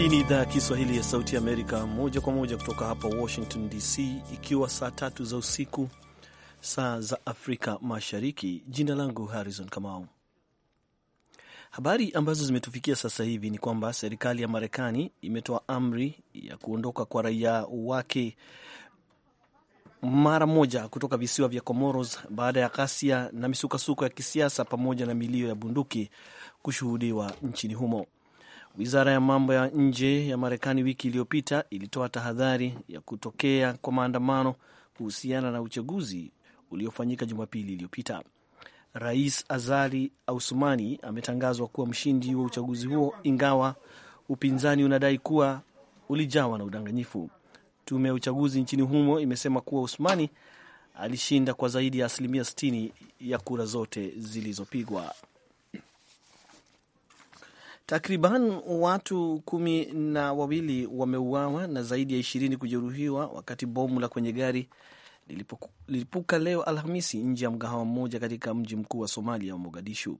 Hii ni idhaa ya Kiswahili ya Sauti Amerika, moja kwa moja kutoka hapa Washington DC, ikiwa saa tatu za usiku saa za Afrika Mashariki. Jina langu Harrison Kamau. Habari ambazo zimetufikia sasa hivi ni kwamba serikali ya Marekani imetoa amri ya kuondoka kwa raia wake mara moja kutoka visiwa vya Comoros baada ya ghasia na misukasuko ya kisiasa pamoja na milio ya bunduki kushuhudiwa nchini humo. Wizara ya mambo ya nje ya Marekani wiki iliyopita ilitoa tahadhari ya kutokea kwa maandamano kuhusiana na uchaguzi uliofanyika Jumapili iliyopita. Rais Azali Ausumani ametangazwa kuwa mshindi wa uchaguzi huo, ingawa upinzani unadai kuwa ulijawa na udanganyifu. Tume ya uchaguzi nchini humo imesema kuwa Usmani alishinda kwa zaidi ya asilimia 60 ya kura zote zilizopigwa. Takriban watu kumi na wawili wameuawa na zaidi ya ishirini kujeruhiwa wakati bomu la kwenye gari lilipuka leo Alhamisi nje ya mgahawa mmoja katika mji mkuu wa Somalia wa Mogadishu.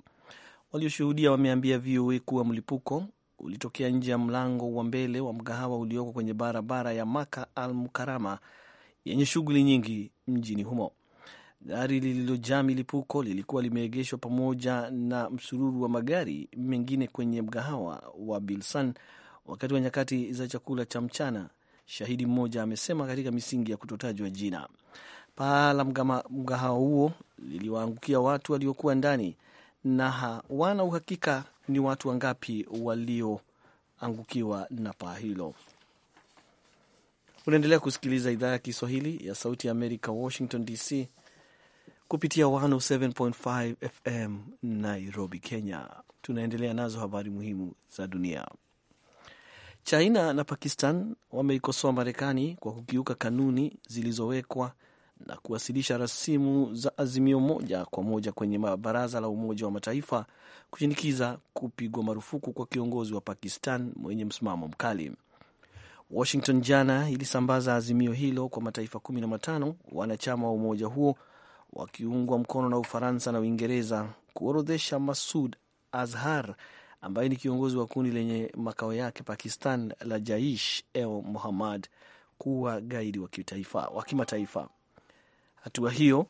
Walioshuhudia wameambia VOA kuwa mlipuko ulitokea nje ya mlango wa mbele wa mgahawa ulioko kwenye barabara ya Maka al Mukarama yenye shughuli nyingi mjini humo. Gari lililojaa milipuko lilikuwa limeegeshwa pamoja na msururu wa magari mengine kwenye mgahawa wa Bilsan wakati wa nyakati za chakula cha mchana, shahidi mmoja amesema katika misingi ya kutotajwa jina. Paa la mgahawa huo liliwaangukia watu waliokuwa ndani na hawana uhakika ni watu wangapi walioangukiwa na paa hilo. Unaendelea kusikiliza idhaa ya Kiswahili ya Sauti ya Amerika, Washington DC kupitia 107.5 FM Nairobi, Kenya. Tunaendelea nazo habari muhimu za dunia. China na Pakistan wameikosoa Marekani kwa kukiuka kanuni zilizowekwa na kuwasilisha rasimu za azimio moja kwa moja kwenye baraza la Umoja wa Mataifa kushinikiza kupigwa marufuku kwa kiongozi wa Pakistan mwenye msimamo mkali. Washington jana ilisambaza azimio hilo kwa mataifa kumi na matano wanachama wa umoja huo wakiungwa mkono na Ufaransa na Uingereza kuorodhesha Masud Azhar ambaye ni kiongozi wa kundi lenye makao yake Pakistan la Jaish el Mohammad kuwa gaidi wa kitaifa, wa kimataifa. Hatua hiyo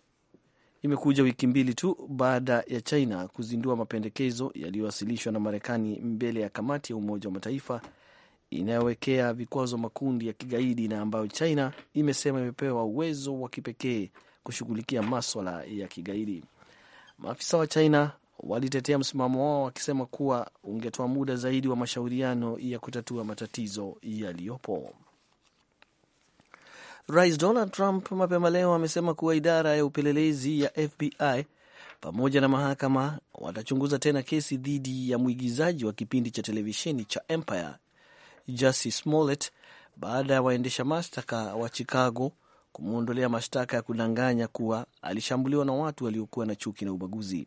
imekuja wiki mbili tu baada ya China kuzindua mapendekezo yaliyowasilishwa na Marekani mbele ya kamati ya Umoja wa Mataifa inayowekea vikwazo makundi ya kigaidi na ambayo China imesema imepewa uwezo wa kipekee kushughulikia maswala ya kigaidi. Maafisa wa China walitetea msimamo wao wakisema kuwa ungetoa muda zaidi wa mashauriano ya kutatua matatizo yaliyopo. Rais Donald Trump mapema leo amesema kuwa idara ya upelelezi ya FBI pamoja na mahakama watachunguza tena kesi dhidi ya mwigizaji wa kipindi cha televisheni cha Empire Jussie Smollett baada ya waendesha mashtaka wa Chicago kumwondolea mashtaka ya kudanganya kuwa alishambuliwa na watu waliokuwa na chuki na ubaguzi.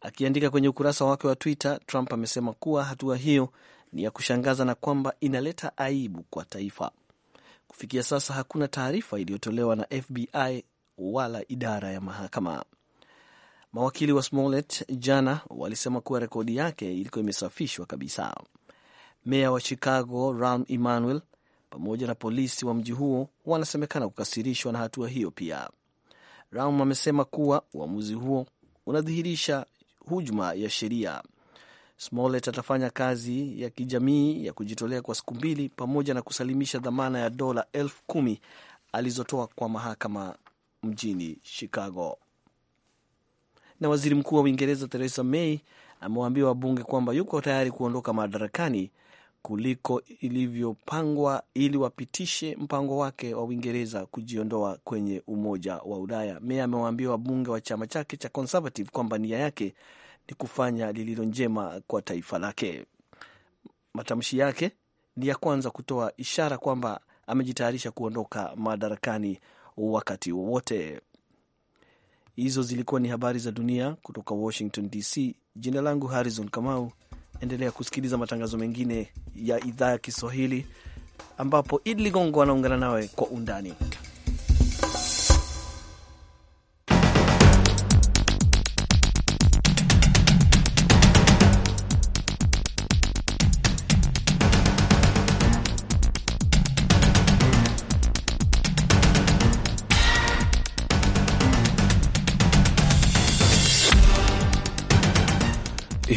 Akiandika kwenye ukurasa wake wa Twitter, Trump amesema kuwa hatua hiyo ni ya kushangaza na kwamba inaleta aibu kwa taifa. Kufikia sasa hakuna taarifa iliyotolewa na FBI wala idara ya mahakama. Mawakili wa Smollett jana walisema kuwa rekodi yake ilikuwa imesafishwa kabisa. Meya wa Chicago Rahm Emanuel pamoja na polisi wa mji huo wanasemekana kukasirishwa na hatua hiyo pia. Ram amesema kuwa uamuzi huo unadhihirisha hujuma ya sheria. Smollett atafanya kazi ya kijamii ya kujitolea kwa siku mbili pamoja na kusalimisha dhamana ya dola elfu kumi alizotoa kwa mahakama mjini Chicago. Na waziri mkuu wa Uingereza Theresa May amewaambia wabunge kwamba yuko tayari kuondoka madarakani kuliko ilivyopangwa ili wapitishe mpango wake wa Uingereza kujiondoa kwenye Umoja wa Ulaya. mea amewaambia wabunge wa chama chake cha Conservative kwamba nia yake ni kufanya lililo njema kwa taifa lake. Matamshi yake ni ya kwanza kutoa ishara kwamba amejitayarisha kuondoka madarakani wakati wowote. Hizo zilikuwa ni habari za dunia kutoka Washington DC. Jina langu Harrison Kamau endelea kusikiliza matangazo mengine ya idhaa ya Kiswahili ambapo Idi Ligongo anaungana nawe kwa undani.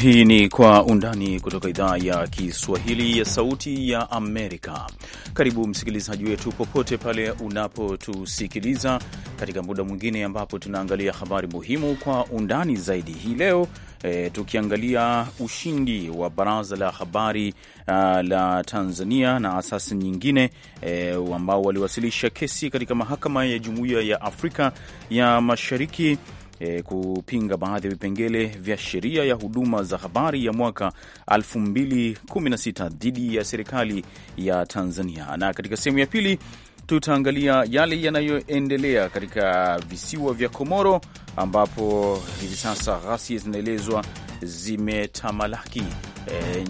Hii ni Kwa Undani kutoka idhaa ya Kiswahili ya Sauti ya Amerika. Karibu msikilizaji wetu popote pale unapotusikiliza katika muda mwingine ambapo tunaangalia habari muhimu kwa undani zaidi. Hii leo e, tukiangalia ushindi wa Baraza la Habari a, ah, la Tanzania na asasi nyingine e, ambao waliwasilisha kesi katika Mahakama ya Jumuiya ya Afrika ya Mashariki e, kupinga baadhi ya vipengele vya sheria ya huduma za habari ya mwaka 2016 dhidi ya serikali ya Tanzania. Na katika sehemu ya pili tutaangalia yale yanayoendelea katika visiwa vya Komoro ambapo hivi sasa ghasia zinaelezwa zimetamalaki e,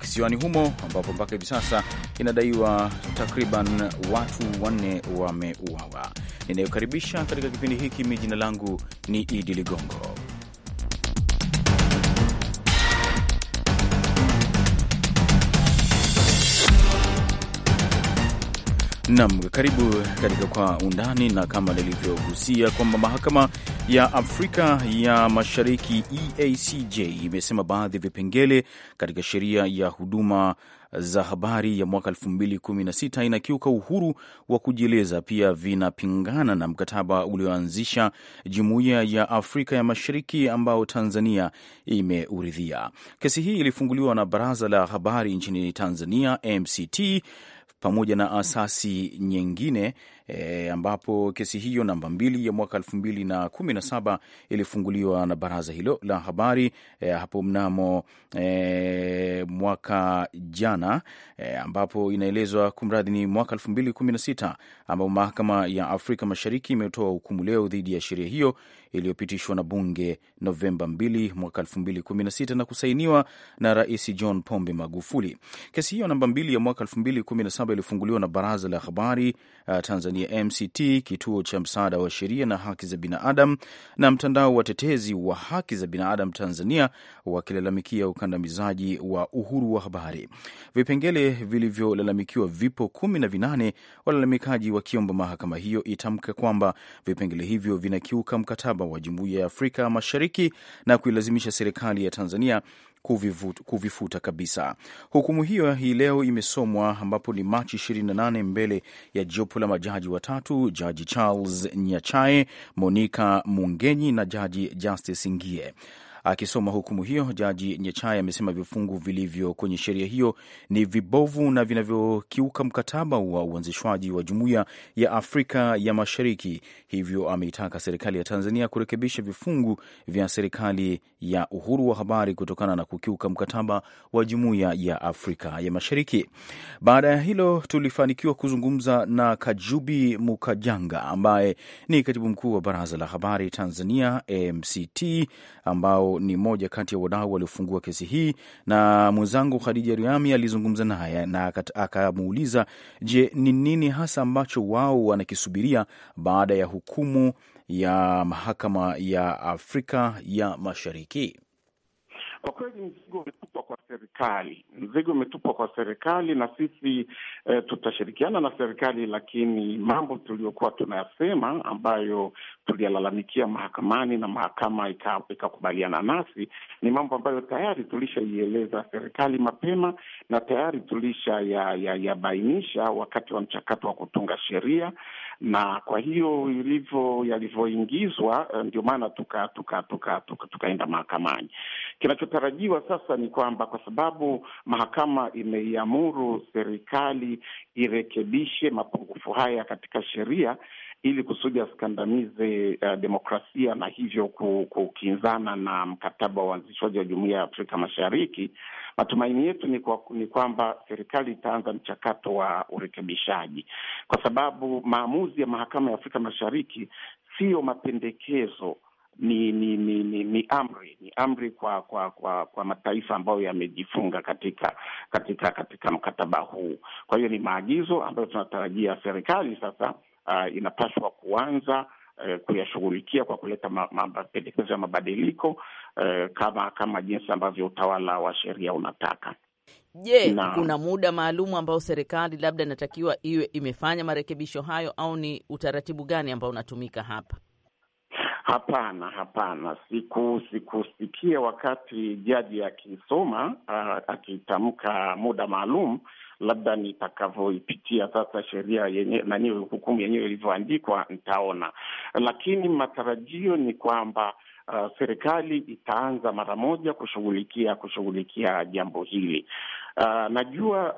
visiwani humo ambapo mpaka hivi sasa inadaiwa takriban watu wanne wameuawa. Ninayokaribisha katika kipindi hiki, mi jina langu ni Idi Ligongo. Nam, karibu katika Kwa Undani, na kama nilivyogusia kwamba mahakama ya Afrika ya Mashariki EACJ imesema baadhi ya vipengele katika sheria ya huduma za habari ya mwaka 2016 inakiuka uhuru wa kujieleza, pia vinapingana na mkataba ulioanzisha Jumuiya ya Afrika ya Mashariki ambao Tanzania imeuridhia. Kesi hii ilifunguliwa na Baraza la Habari nchini Tanzania MCT pamoja na asasi nyingine e, ambapo kesi hiyo namba mbili ya mwaka elfu mbili na kumi na saba ilifunguliwa na baraza hilo la habari e, hapo mnamo e, mwaka jana e, ambapo inaelezwa kumradhi, ni mwaka elfu mbili kumi na sita ambapo mahakama ya Afrika Mashariki imetoa hukumu leo dhidi ya sheria hiyo iliyopitishwa na bunge Novemba 2 mwaka 2016 na kusainiwa na Rais John Pombe Magufuli. Kesi hiyo namba mbili ya mwaka 2017 ilifunguliwa na Baraza la Habari uh, Tanzania Tanzania MCT, kituo cha msaada wa sheria na haki za binadamu na mtandao wa tetezi wa haki za binadamu Tanzania wakilalamikia ukandamizaji wa uhuru wa habari. Vipengele vilivyolalamikiwa vipo kumi na vinane, walalamikaji wakiomba mahakama hiyo itamke kwamba vipengele hivyo vinakiuka mkataba wa Jumuiya ya Afrika Mashariki na kuilazimisha serikali ya Tanzania kuvifuta kabisa. Hukumu hiyo hii leo imesomwa ambapo ni Machi 28 mbele ya jopo la majaji watatu, Jaji Charles Nyachae, Monica Mungenyi na Jaji Justice Ngie. Akisoma hukumu hiyo, Jaji Nyechai amesema vifungu vilivyo kwenye sheria hiyo ni vibovu na vinavyokiuka mkataba wa uanzishwaji wa Jumuiya ya Afrika ya Mashariki, hivyo ameitaka serikali ya Tanzania kurekebisha vifungu vya serikali ya uhuru wa habari kutokana na kukiuka mkataba wa Jumuiya ya Afrika ya Mashariki. Baada ya hilo, tulifanikiwa kuzungumza na Kajubi Mukajanga ambaye ni katibu mkuu wa Baraza la Habari Tanzania MCT ambao ni moja kati ya wadau waliofungua kesi hii, na mwenzangu Khadija Riami alizungumza naye na akamuuliza, je, ni nini hasa ambacho wao wanakisubiria baada ya hukumu ya mahakama ya Afrika ya Mashariki? Kwa kweli mzigo umetupwa kwa serikali, mzigo umetupwa kwa serikali na sisi e, tutashirikiana na serikali, lakini mambo tuliyokuwa tunayasema ambayo tuliyalalamikia mahakamani na mahakama ikakubaliana ika nasi ni mambo ambayo tayari tulishaieleza serikali mapema na tayari tulishayabainisha ya, ya wakati wa mchakato wa kutunga sheria, na kwa hiyo ilivyo yalivyoingizwa, eh, ndio maana tukaenda tuka, tuka, tuka, tuka mahakamani kinacho Kinachotarajiwa sasa ni kwamba kwa sababu mahakama imeiamuru serikali irekebishe mapungufu haya katika sheria ili kusudi asikandamize uh, demokrasia na hivyo kukinzana na mkataba wa uanzishwaji wa jumuia ya Afrika Mashariki. Matumaini yetu ni, kwa, ni kwamba serikali itaanza mchakato wa urekebishaji, kwa sababu maamuzi ya mahakama ya Afrika Mashariki siyo mapendekezo ni ni ni, ni, ni amri ni amri kwa kwa kwa kwa mataifa ambayo yamejifunga katika katika katika mkataba huu. Kwa hiyo ni maagizo ambayo tunatarajia serikali sasa uh, inapaswa kuanza uh, kuyashughulikia kwa kuleta mapendekezo ma, ya mabadiliko uh, kama kama jinsi ambavyo utawala wa sheria unataka. Je, yeah, kuna muda maalum ambao serikali labda inatakiwa iwe imefanya marekebisho hayo au ni utaratibu gani ambao unatumika hapa? Hapana, hapana, siku sikusikia wakati jaji akisoma akitamka muda maalum. Labda nitakavyoipitia sasa sheria yenyewe hukumu yenyewe ilivyoandikwa nitaona, lakini matarajio ni kwamba Uh, serikali itaanza mara moja kushughulikia kushughulikia jambo hili. Uh, najua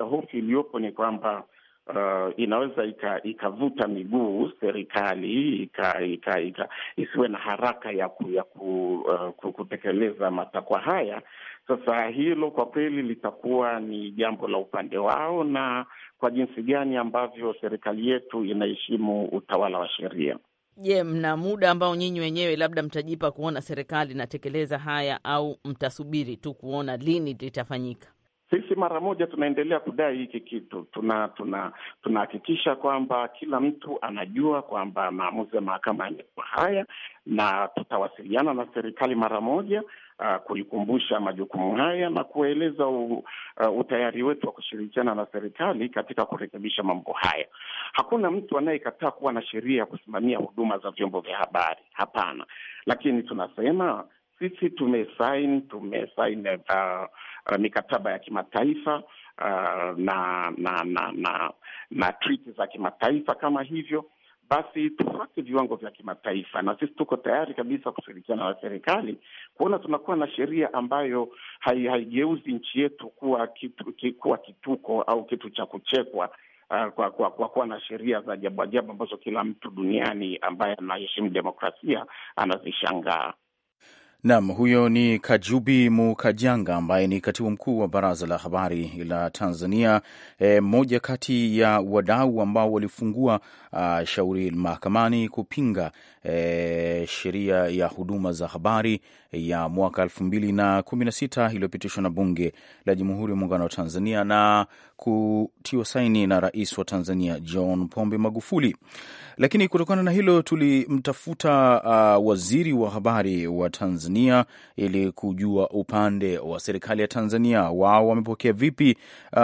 uh, hofu iliyopo ni kwamba uh, inaweza ikavuta ika miguu serikali ika, ika, ika, isiwe na haraka ya, ku, ya ku, uh, kutekeleza matakwa haya. Sasa hilo kwa kweli litakuwa ni jambo la upande wao na kwa jinsi gani ambavyo serikali yetu inaheshimu utawala wa sheria. Je, yeah, mna muda ambao nyinyi wenyewe labda mtajipa kuona serikali inatekeleza haya au mtasubiri tu kuona lini litafanyika? Sisi mara moja tunaendelea kudai hiki kitu, tunahakikisha tuna kwamba kila mtu anajua kwamba maamuzi ya mahakama yamekuwa haya, na tutawasiliana na serikali mara moja uh, kuikumbusha majukumu haya na kueleza uh, utayari wetu wa kushirikiana na serikali katika kurekebisha mambo haya. Hakuna mtu anayekataa kuwa na sheria ya kusimamia huduma za vyombo vya habari, hapana, lakini tunasema sisi tumesain tumesain uh, Uh, mikataba ya kimataifa uh, na na na na, na treaty za kimataifa kama hivyo, basi tufuate viwango vya kimataifa, na sisi tuko tayari kabisa kushirikiana na serikali kuona tunakuwa na sheria ambayo haigeuzi hai nchi yetu kuwa kitu, kuwa kituko au kitu cha kuchekwa uh, kwa, kwa, kwa kuwa na sheria za ajabu ajabu ambazo kila mtu duniani ambaye anaheshimu demokrasia anazishangaa. Nam, huyo ni Kajubi Mukajanga ambaye ni katibu mkuu wa Baraza la Habari la Tanzania, mmoja eh, e, kati ya wadau ambao walifungua a, ah, shauri mahakamani kupinga e, sheria ya huduma za habari ya mwaka elfu mbili na kumi na sita iliyopitishwa na Bunge la Jamhuri ya Muungano wa Tanzania na kutiwa saini na Rais wa Tanzania John Pombe Magufuli. Lakini kutokana na hilo tulimtafuta ah, waziri wa habari wa Tanzania Tanzania ili kujua upande wa serikali ya Tanzania wao wamepokea vipi uh,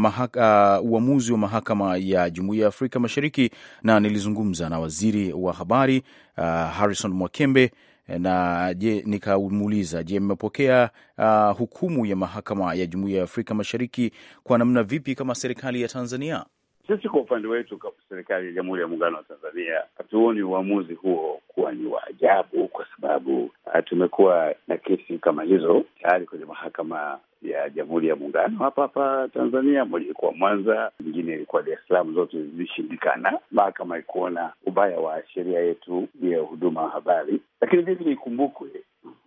mahaka, uh, uamuzi wa mahakama ya Jumuiya ya Afrika Mashariki, na nilizungumza na waziri wa habari uh, Harrison Mwakembe na je, nikamuuliza je, mmepokea uh, hukumu ya mahakama ya Jumuiya ya Afrika Mashariki kwa namna vipi kama serikali ya Tanzania? Sisi kwa upande wetu, serikali ya Jamhuri ya Muungano wa Tanzania hatuoni uamuzi huo kuwa ni wa ajabu, kwa sababu ah, tumekuwa na kesi kama hizo tayari kwenye mahakama ya Jamhuri ya Muungano hapa hapa Tanzania. Moja ilikuwa Mwanza, nyingine ilikuwa Dar es Salaam, zote zilishindikana. Mahakama ikuona ubaya wa sheria yetu ya huduma wa habari, lakini vilevile ikumbukwe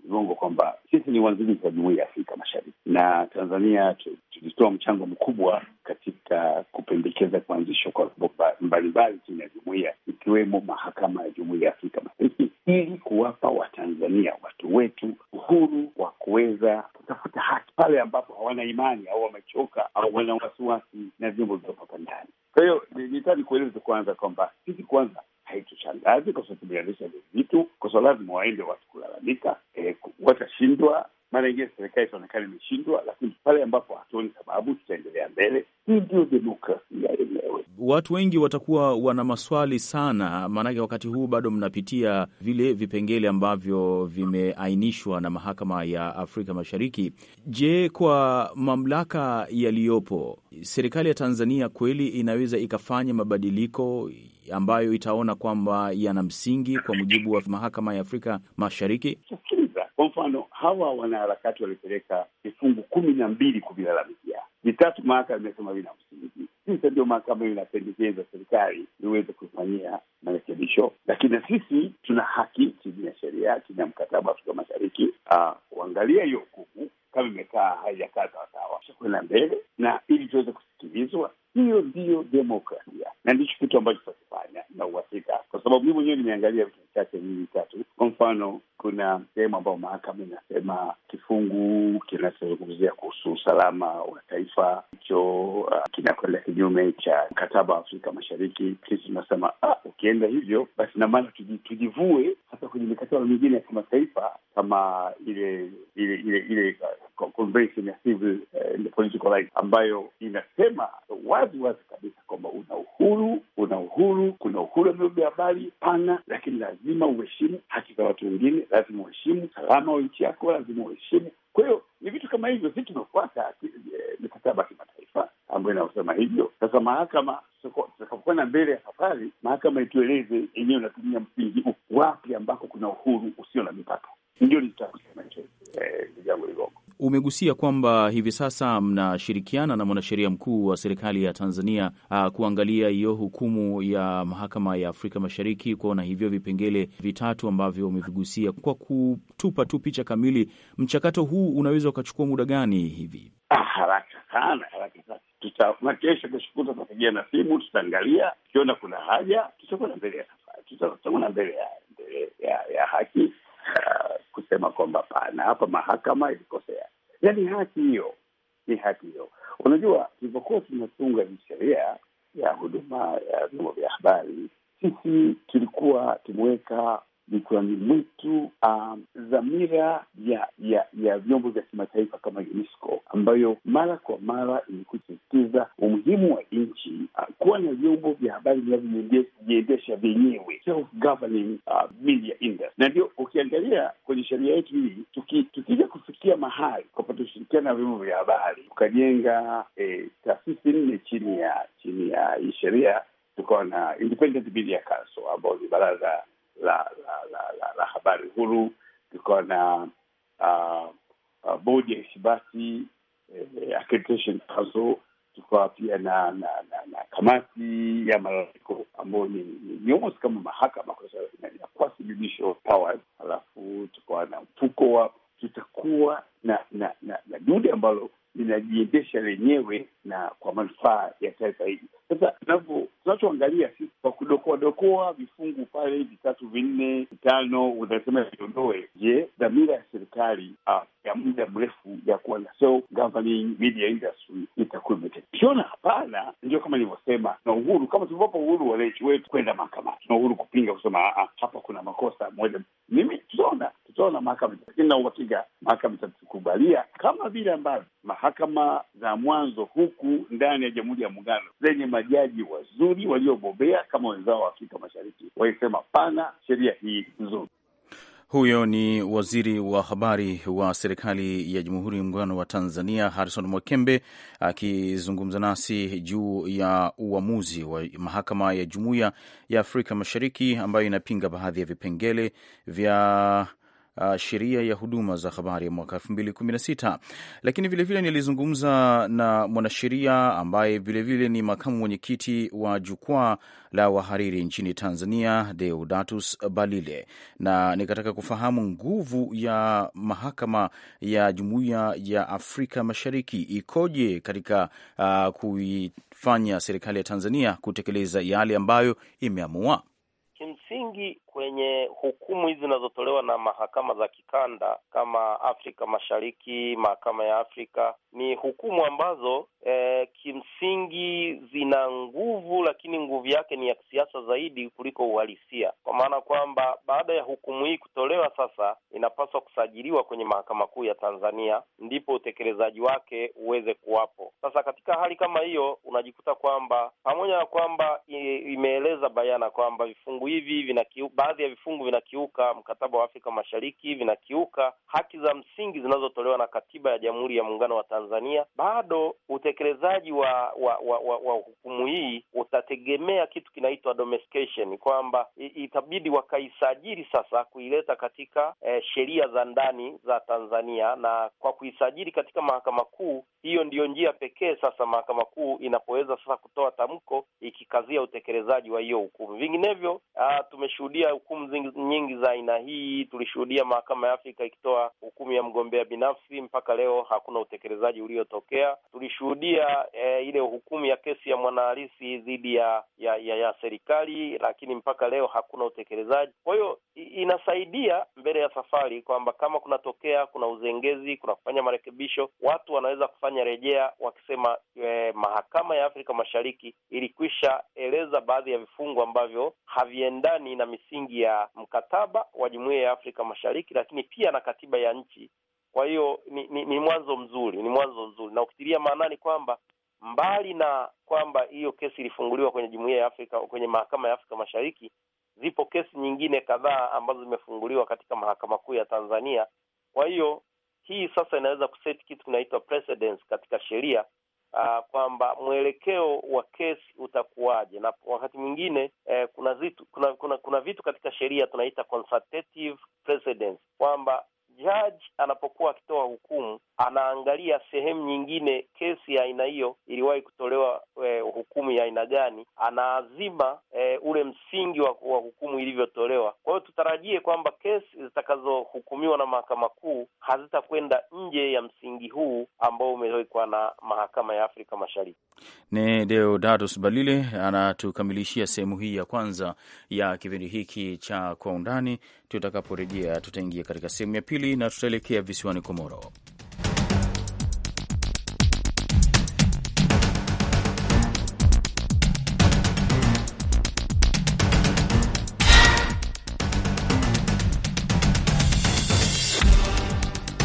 Ligongo kwamba sisi ni wanzilishi wa jumuia ya Afrika Mashariki na Tanzania tulitoa mchango mkubwa katika kupendekeza kuanzishwa kwa vyombo mbalimbali chini ya jumuia ikiwemo mahakama ya jumuia ya Afrika Mashariki ili kuwapa Watanzania watu wetu uhuru wa kuweza kutafuta haki pale ambapo hawana imani au wamechoka au wana wasiwasi na vyombo vilivyotoka ndani. Kwa hiyo nitaka nikueleze kwanza kwamba sisi kwanza haitushangazi kwa sababu tumeanzisha vitu, kwa sababu lazima waende watu kulalamika, e, watashindwa mara ingine serikali itaonekana imeshindwa, lakini pale ambapo hatuoni sababu tutaendelea mbele. Hii ndio demokrasia yenyewe. Watu wengi watakuwa wana maswali sana, maanake wakati huu bado mnapitia vile vipengele ambavyo vimeainishwa na mahakama ya Afrika Mashariki. Je, kwa mamlaka yaliyopo, serikali ya Tanzania kweli inaweza ikafanya mabadiliko ambayo itaona kwamba yana msingi kwa mujibu wa mahakama ya Afrika Mashariki? Sikiliza, kwa mfano hawa wanaharakati walipeleka vifungu kumi na mbili kuvilalamikia vitatu mahakama imesema vina msingi. Sisi ndio mahakama hiyo inapendekeza serikali iweze kufanyia marekebisho, lakini sisi tuna haki chini ya sheria, chini ya mkataba wa Afrika Mashariki ah, kuangalia hiyo hukumu kama imekaa haijakaa sawasawa, kwenda mbele na ili tuweze kusikilizwa. Hiyo ndiyo demokrasia na ndicho kitu ambacho tutakifanya na uhakika, kwa sababu mii mwenyewe nimeangalia vitu vichache hivi vitatu. Kwa mfano, kuna sehemu ambayo mahakama inasema kifungu kinachozungumzia kuhusu usalama wa taifa hicho uh, kinakwenda kinyume cha mkataba wa Afrika Mashariki. Sisi tunasema ah, ukienda hivyo basi na maana tujivue hasa kwenye mikataba mingine ya kimataifa kama ile ile ile, ile Convention ya Civil and Political Rights ambayo inasema wazi wazi kabisa kwamba una uhuru, una uhuru, kuna uhuru wa vyombo vya habari pana, lakini lazima uheshimu haki za watu wengine, lazima uheshimu salama wa nchi yako, lazima uheshimu. Kwa hiyo ni vitu kama hivyo, si tumefuata eh, mikataba ya kimataifa ambayo inaosema hivyo. Sasa mahakama tutakapokwenda mbele ya safari, mahakama itueleze yenyewe unatumia msingi wapi ambako kuna uhuru usio na mipaka. Ndio nitakusema hicho, ndugu eh, Ligongo umegusia kwamba hivi sasa mnashirikiana na mwanasheria mkuu wa serikali ya Tanzania uh, kuangalia hiyo hukumu ya mahakama ya Afrika Mashariki kuona hivyo vipengele vitatu ambavyo umevigusia. Kwa kutupa tu picha kamili, mchakato huu unaweza ukachukua muda gani hivi? Ah, haraka sana, haraka sana kesho tutapigia na simu, tutaangalia, tukiona kuna haja tutakwenda mbele ya safari, tutakwenda mbele ya, ya, ya haki kusema kwamba pana hapa mahakama ilikosea. Yani haki hiyo ni haki hiyo. Unajua, tulivyokuwa tunatunga hii sheria ya huduma ya vyombo vya habari, sisi tulikuwa tumeweka mikononi mwetu um, zamira ya ya ya vyombo vya kimataifa kama UNESCO ambayo mara kwa mara imekuwa ikisisitiza umuhimu wa nchi uh, kuwa na vyombo vya habari vinavyojiendesha vyenyewe, self governing uh, media industry. Na ndio ukiangalia kwenye sheria yetu hii, tukija tuki kufikia mahali kwamba tushirikiana na vyombo vya habari tukajenga eh, taasisi nne chini ya chini ya hii sheria, tukawa na Independent Media Council ni baraza la la, la, la, la habari huru, tulikuwa na uh, uh, bodi ya isibati eh, accreditation council, tulikuwa pia na, na, na, na kamati ya malalamiko ambayo ni, ni, niosi kama mahakama kwa kwasi judicial powers, alafu tukawa na mfuko wa tutakuwa na na na, na dude ambalo linajiendesha lenyewe na kwa manufaa ya taifa hili. Sasa unachoangalia sisi kwa kudokoadokoa vifungu pale vitatu vinne vitano, unasema viondoe. Je, dhamira ya serikali ah, ya muda mrefu ya kuwa na self governing media industry itakuwa Hapana, ndio kama nilivyosema, na uhuru kama tulivyowapa uhuru wananchi wetu kwenda mahakamani, tuna uhuru kupinga kusema ah, ah, hapa kuna makosa moja. Mimi tutaona tutaona mahakama, lakini na uhakika mahakama itatukubalia kama vile ambavyo mahakama za mwanzo huku ndani ya Jamhuri ya Muungano zenye majaji wazuri waliobobea kama wenzao wa Afrika Mashariki walisema pana, sheria hii nzuri. Huyo ni waziri wa habari wa serikali ya Jamhuri ya Muungano wa Tanzania, Harrison Mwakembe akizungumza nasi juu ya uamuzi wa mahakama ya Jumuiya ya Afrika Mashariki ambayo inapinga baadhi ya vipengele vya uh, sheria ya huduma za habari ya mwaka sita. Lakini vilevile nilizungumza na mwanasheria ambaye vilevile vile ni makamu mwenyekiti wa jukwaa la wahariri nchini Tanzania, Deodatus Balile, na nikataka kufahamu nguvu ya mahakama ya Jumuiya ya Afrika Mashariki ikoje katika uh, kuifanya serikali ya Tanzania kutekeleza yale ambayo imeamua. Kimsingi kwenye hukumu hizi zinazotolewa na mahakama za kikanda kama Afrika Mashariki, mahakama ya Afrika ni hukumu ambazo eh, kimsingi zina nguvu, lakini nguvu yake ni ya kisiasa zaidi kuliko uhalisia, kwa maana kwamba baada ya hukumu hii kutolewa, sasa inapaswa kusajiliwa kwenye mahakama kuu ya Tanzania, ndipo utekelezaji wake uweze kuwapo. Sasa katika hali kama hiyo, unajikuta kwamba pamoja na kwamba imeeleza bayana kwamba vifungu vifungu hivi vinakiu, baadhi ya vifungu vinakiuka mkataba wa Afrika Mashariki, vinakiuka haki za msingi zinazotolewa na katiba ya Jamhuri ya Muungano wa Tanzania. Bado utekelezaji wa wa wa, wa, wa hukumu hii utategemea kitu kinaitwa domestication, kwamba itabidi wakaisajili sasa kuileta katika eh, sheria za ndani za Tanzania, na kwa kuisajili katika mahakama kuu, hiyo ndiyo njia pekee sasa mahakama kuu inapoweza sasa kutoa tamko ikikazia utekelezaji wa hiyo hukumu. Vinginevyo Uh, tumeshuhudia hukumu nyingi za aina hii. Tulishuhudia mahakama ya Afrika ikitoa hukumu ya mgombea binafsi, mpaka leo hakuna utekelezaji uliotokea. Tulishuhudia eh, ile hukumu ya kesi ya mwanahalisi dhidi ya ya, ya ya serikali, lakini mpaka leo hakuna utekelezaji. Kwa hiyo inasaidia mbele ya safari kwamba kama kunatokea kuna uzengezi, kuna kufanya marekebisho, watu wanaweza kufanya rejea wakisema, eh, mahakama ya Afrika Mashariki ilikwisha eleza baadhi ya vifungu ambavyo havi haiendani na misingi ya mkataba wa Jumuiya ya Afrika Mashariki, lakini pia na katiba ya nchi. Kwa hiyo ni, ni, ni mwanzo mzuri, ni mwanzo mzuri, na ukitilia maanani kwamba mbali na kwamba hiyo kesi ilifunguliwa kwenye Jumuiya ya Afrika, kwenye mahakama ya Afrika Mashariki, zipo kesi nyingine kadhaa ambazo zimefunguliwa katika mahakama kuu ya Tanzania. Kwa hiyo hii sasa inaweza kuseti kitu kinaitwa precedence katika sheria uh, kwamba mwelekeo wa kesi utakuwaje, na wakati mwingine eh, kuna, kuna, kuna kuna vitu katika sheria tunaita consultative precedence kwamba jaji anapokuwa akitoa hukumu anaangalia sehemu nyingine, kesi ya aina hiyo iliwahi kutolewa e, hukumu ya aina gani, anaazima e, ule msingi wa, wa hukumu ilivyotolewa. Kwa hiyo tutarajie kwamba kesi zitakazohukumiwa na mahakama kuu hazitakwenda nje ya msingi huu ambao umewekwa na mahakama ya Afrika Mashariki. Ni Deodatus Balile anatukamilishia sehemu hii ya kwanza ya kipindi hiki cha Kwa Undani. Tutakaporejea tutaingia katika sehemu ya pili na tutaelekea visiwani Komoro.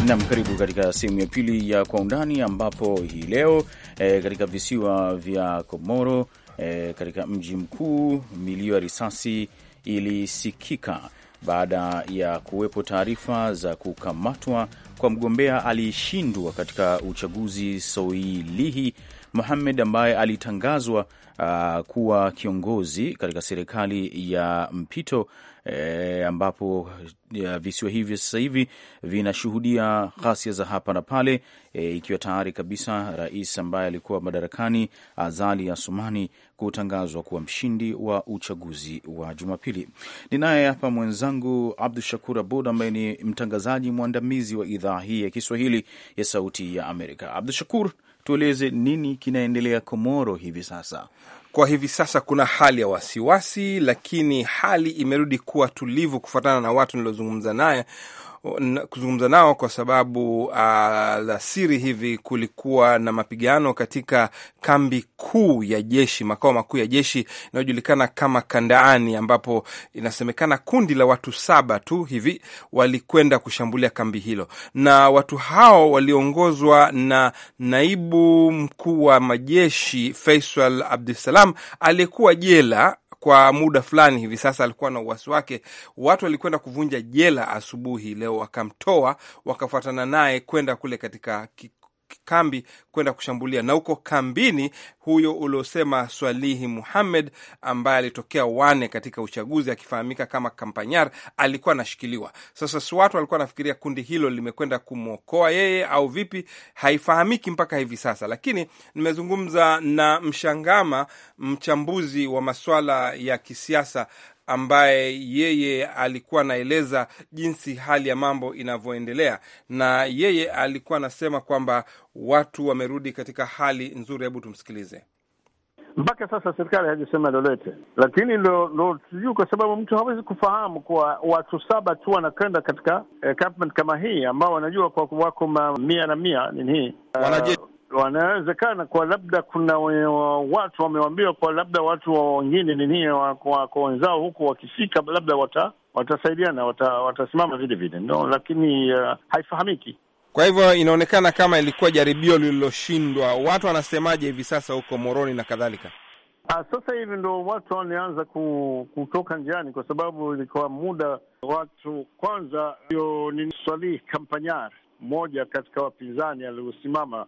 Nam, karibu katika sehemu ya pili ya Kwa Undani, ambapo hii leo e, katika visiwa vya Komoro e, katika mji mkuu milio ya risasi ilisikika baada ya kuwepo taarifa za kukamatwa kwa mgombea aliyeshindwa katika uchaguzi Soilihi muhamed ambaye alitangazwa uh, kuwa kiongozi katika serikali ya mpito e, ambapo eh, visiwa hivyo sasa hivi vinashuhudia ghasia za hapa na pale e, ikiwa tayari kabisa rais ambaye alikuwa madarakani Azali Asumani kutangazwa kuwa mshindi wa uchaguzi wa Jumapili. Ninaye hapa mwenzangu Abdu Shakur Abud ambaye ni mtangazaji mwandamizi wa idhaa idhaa hii ya Kiswahili ya Sauti ya Amerika. Abdu Shakur, tueleze nini kinaendelea Komoro hivi sasa? Kwa hivi sasa kuna hali ya wasiwasi, lakini hali imerudi kuwa tulivu, kufuatana na watu niliozungumza naye kuzungumza nao kwa sababu alasiri hivi kulikuwa na mapigano katika kambi kuu ya jeshi, makao makuu ya jeshi inayojulikana kama Kandaani, ambapo inasemekana kundi la watu saba tu hivi walikwenda kushambulia kambi hilo, na watu hao waliongozwa na naibu mkuu wa majeshi Faisal Abdusalam aliyekuwa jela kwa muda fulani hivi sasa alikuwa na uwasi wake. Watu walikwenda kuvunja jela asubuhi leo, wakamtoa wakafuatana naye kwenda kule katika kambi kwenda kushambulia, na huko kambini huyo uliosema Swalihi Muhammed ambaye alitokea wane katika uchaguzi akifahamika kama Kampanyar alikuwa anashikiliwa. Sasa watu walikuwa wanafikiria kundi hilo limekwenda kumwokoa yeye au vipi, haifahamiki mpaka hivi sasa. Lakini nimezungumza na Mshangama, mchambuzi wa maswala ya kisiasa ambaye yeye alikuwa anaeleza jinsi hali ya mambo inavyoendelea, na yeye alikuwa anasema kwamba watu wamerudi katika hali nzuri. Hebu tumsikilize. Mpaka sasa serikali hajasema lolote, lakini lo sijui, kwa sababu mtu hawezi kufahamu kuwa watu saba tu wanakwenda katika eh, kama hii ambao wanajua kwa wako mia na mia nini hii eh, wanajeshi wanawezekana kwa labda kuna watu wamewambiwa kwa labda watu wengine nini wako wenzao huku wakifika, labda wata, watasaidiana wata, watasimama vile vile no, lakini uh, haifahamiki. Kwa hivyo inaonekana kama ilikuwa jaribio lililoshindwa. Watu wanasemaje hivi sasa huko Moroni na kadhalika? Ah, sasa hivi ndo watu wameanza kutoka njiani, kwa sababu ilikuwa muda watu kwanza. Hiyo ni swali kampanyar mmoja katika wapinzani aliosimama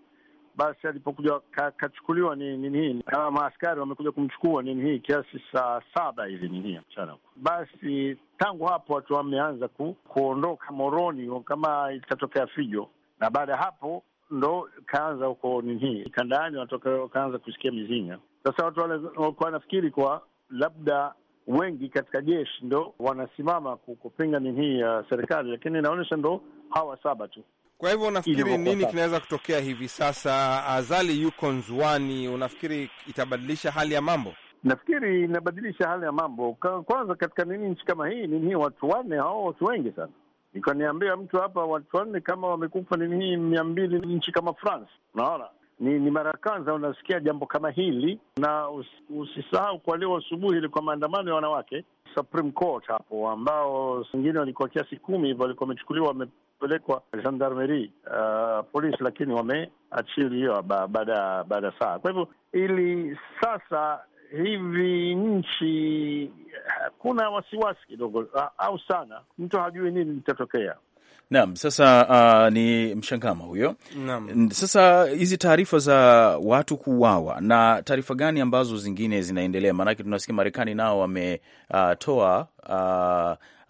basi alipokuja kachukuliwa ni nini, kama maaskari wamekuja kumchukua nini hii kiasi saa saba hivi nini mchana, basi tangu hapo watu wameanza ku, kuondoka Moroni kama itatokea fijo, na baada ya hapo ndo kaanza huko nini kandaani, wakaanza kusikia mizinga. Sasa watu walikuwa wanafikiri kwa labda wengi katika jeshi ndo wanasimama kupinga nini hii ya serikali, lakini inaonyesha ndo hawa saba tu kwa hivyo unafikiri nini kinaweza kutokea hivi sasa? Azali yuko nzuani unafikiri itabadilisha hali ya mambo? Nafikiri inabadilisha hali ya mambo. Kwanza katika nini, nchi kama hii nini, watu wanne hao, watu wengi sana Nikaniambia mtu hapa watu wanne kama wamekufa nini hii mia mbili nchi kama France. Unaona, ni, ni mara ya kwanza unasikia jambo kama hili, na us, usisahau kwa leo asubuhi ilikuwa maandamano ya wanawake Supreme Court hapo, ambao wengine walikuwa kiasi kumi hivyo walikuwa wamechukuliwa kupelekwa gendarmeri uh, polisi, lakini wameachiliwa hiyo baada ya baada saa. Kwa hivyo ili sasa hivi nchi kuna wasiwasi kidogo au sana, mtu hajui nini litatokea. Naam, sasa uh, ni mshangama huyo. Naam. Sasa hizi taarifa za watu kuuawa na taarifa gani ambazo zingine zinaendelea? Maanake tunasikia Marekani nao wametoa uh,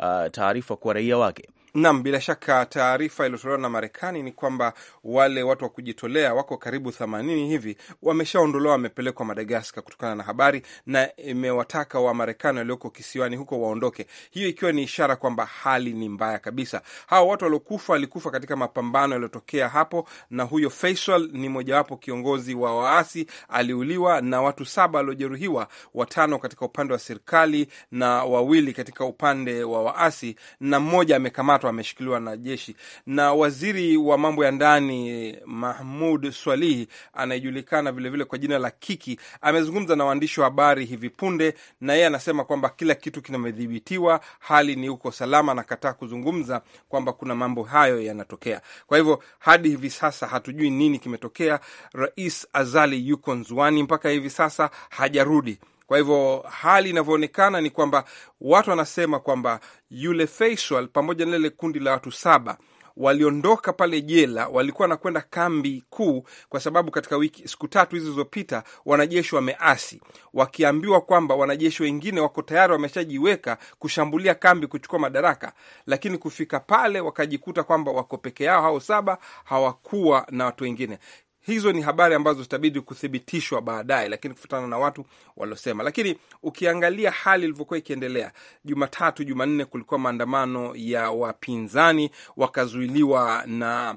uh, uh, taarifa kwa raia wake Nam, bila shaka taarifa iliyotolewa na Marekani ni kwamba wale watu wa kujitolea wako karibu themanini hivi wameshaondolewa, wamepelekwa Madagaskar kutokana na habari, na imewataka Wamarekani walioko kisiwani huko waondoke, hiyo ikiwa ni ishara kwamba hali ni mbaya kabisa. Hawa watu waliokufa walikufa katika mapambano yaliyotokea hapo, na huyo Faisal ni mojawapo kiongozi wa waasi aliuliwa, na watu saba waliojeruhiwa, watano katika upande wa serikali na wawili katika upande wa waasi, na mmoja amekamata wamekamatwa, wameshikiliwa na jeshi. Na waziri wa mambo ya ndani Mahmud Swalihi anayejulikana vilevile kwa jina la Kiki amezungumza na waandishi wa habari hivi punde, na yeye anasema kwamba kila kitu kinamedhibitiwa, hali ni uko salama. Anakataa kuzungumza kwamba kuna mambo hayo yanatokea. Kwa hivyo hadi hivi sasa hatujui nini kimetokea. Rais Azali yuko nzuani mpaka hivi sasa hajarudi. Kwa hivyo hali inavyoonekana ni kwamba watu wanasema kwamba yule Faisal pamoja na lile kundi la watu saba waliondoka pale jela, walikuwa wanakwenda kambi kuu, kwa sababu katika wiki siku tatu hizi zilizopita wanajeshi wameasi, wakiambiwa kwamba wanajeshi wengine wako tayari wameshajiweka kushambulia kambi, kuchukua madaraka, lakini kufika pale wakajikuta kwamba wako peke yao, hao saba, hawakuwa na watu wengine hizo ni habari ambazo zitabidi kuthibitishwa baadaye, lakini kufutana na watu waliosema. Lakini ukiangalia hali ilivyokuwa ikiendelea, Jumatatu, Jumanne kulikuwa maandamano ya wapinzani, wakazuiliwa na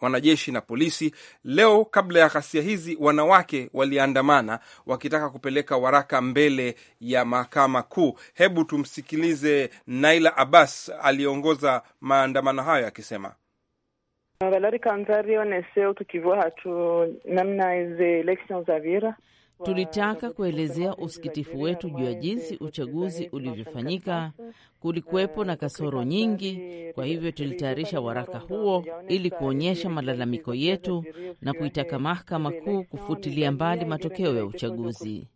wanajeshi na polisi. Leo kabla ya ghasia hizi, wanawake waliandamana wakitaka kupeleka waraka mbele ya mahakama kuu. Hebu tumsikilize Naila Abbas aliyeongoza maandamano hayo akisema Tulitaka kuelezea usikitifu wetu juu ya jinsi uchaguzi ulivyofanyika. Kulikuwepo na kasoro nyingi, kwa hivyo tulitayarisha waraka huo ili kuonyesha malalamiko yetu na kuitaka mahakama kuu kufutilia mbali matokeo ya uchaguzi.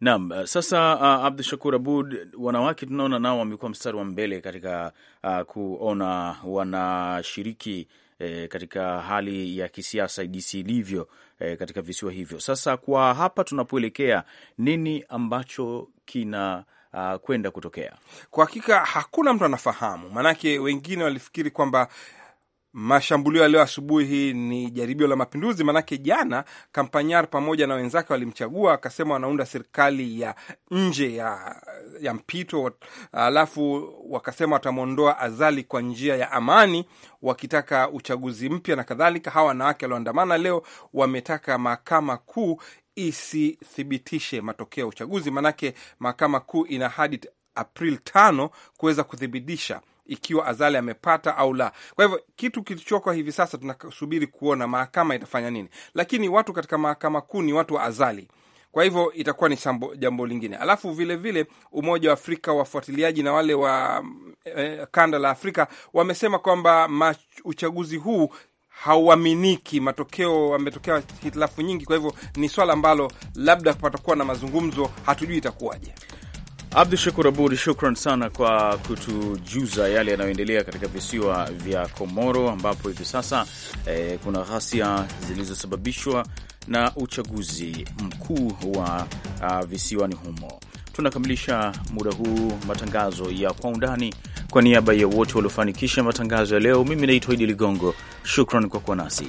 Naam, eh, sasa uh, Abdu Shakur Abud, wanawake tunaona nao wamekuwa mstari wa mbele katika uh, kuona wanashiriki eh, katika hali ya kisiasa jinsi ilivyo eh, katika visiwa hivyo. Sasa kwa hapa tunapoelekea, nini ambacho kina Uh, kwenda kutokea. Kwa hakika hakuna mtu anafahamu, maanake wengine walifikiri kwamba Mashambulio ya leo asubuhi ni jaribio la mapinduzi, maanake jana Kampanyar pamoja na wenzake walimchagua, akasema wanaunda serikali ya nje ya, ya mpito, alafu wakasema watamwondoa Azali kwa njia ya amani, wakitaka uchaguzi mpya na kadhalika. Hawa wanawake walioandamana leo wametaka mahakama kuu isithibitishe matokeo ya uchaguzi, maanake mahakama kuu ina hadi april tano kuweza kuthibitisha ikiwa Azali amepata au la. Kwa hivyo kitu kilichokwa hivi sasa tunasubiri kuona mahakama itafanya nini, lakini watu katika mahakama kuu ni watu wa Azali. Kwa hivyo itakuwa ni jambo lingine. Alafu vilevile vile, Umoja wa Afrika wafuatiliaji na wale wa eh, kanda la Afrika wamesema kwamba uchaguzi huu hauaminiki, matokeo ametokea hitilafu nyingi. Kwa hivyo ni swala ambalo labda patakuwa na mazungumzo, hatujui itakuwaje. Abdu Shakur Abud, shukran sana kwa kutujuza yale yanayoendelea katika visiwa vya Komoro ambapo hivi sasa eh, kuna ghasia zilizosababishwa na uchaguzi mkuu wa uh, visiwani humo. Tunakamilisha muda huu matangazo ya kwa undani. Kwa niaba ya wote waliofanikisha matangazo ya leo, mimi naitwa Idi Ligongo, shukran kwa kuwa nasi.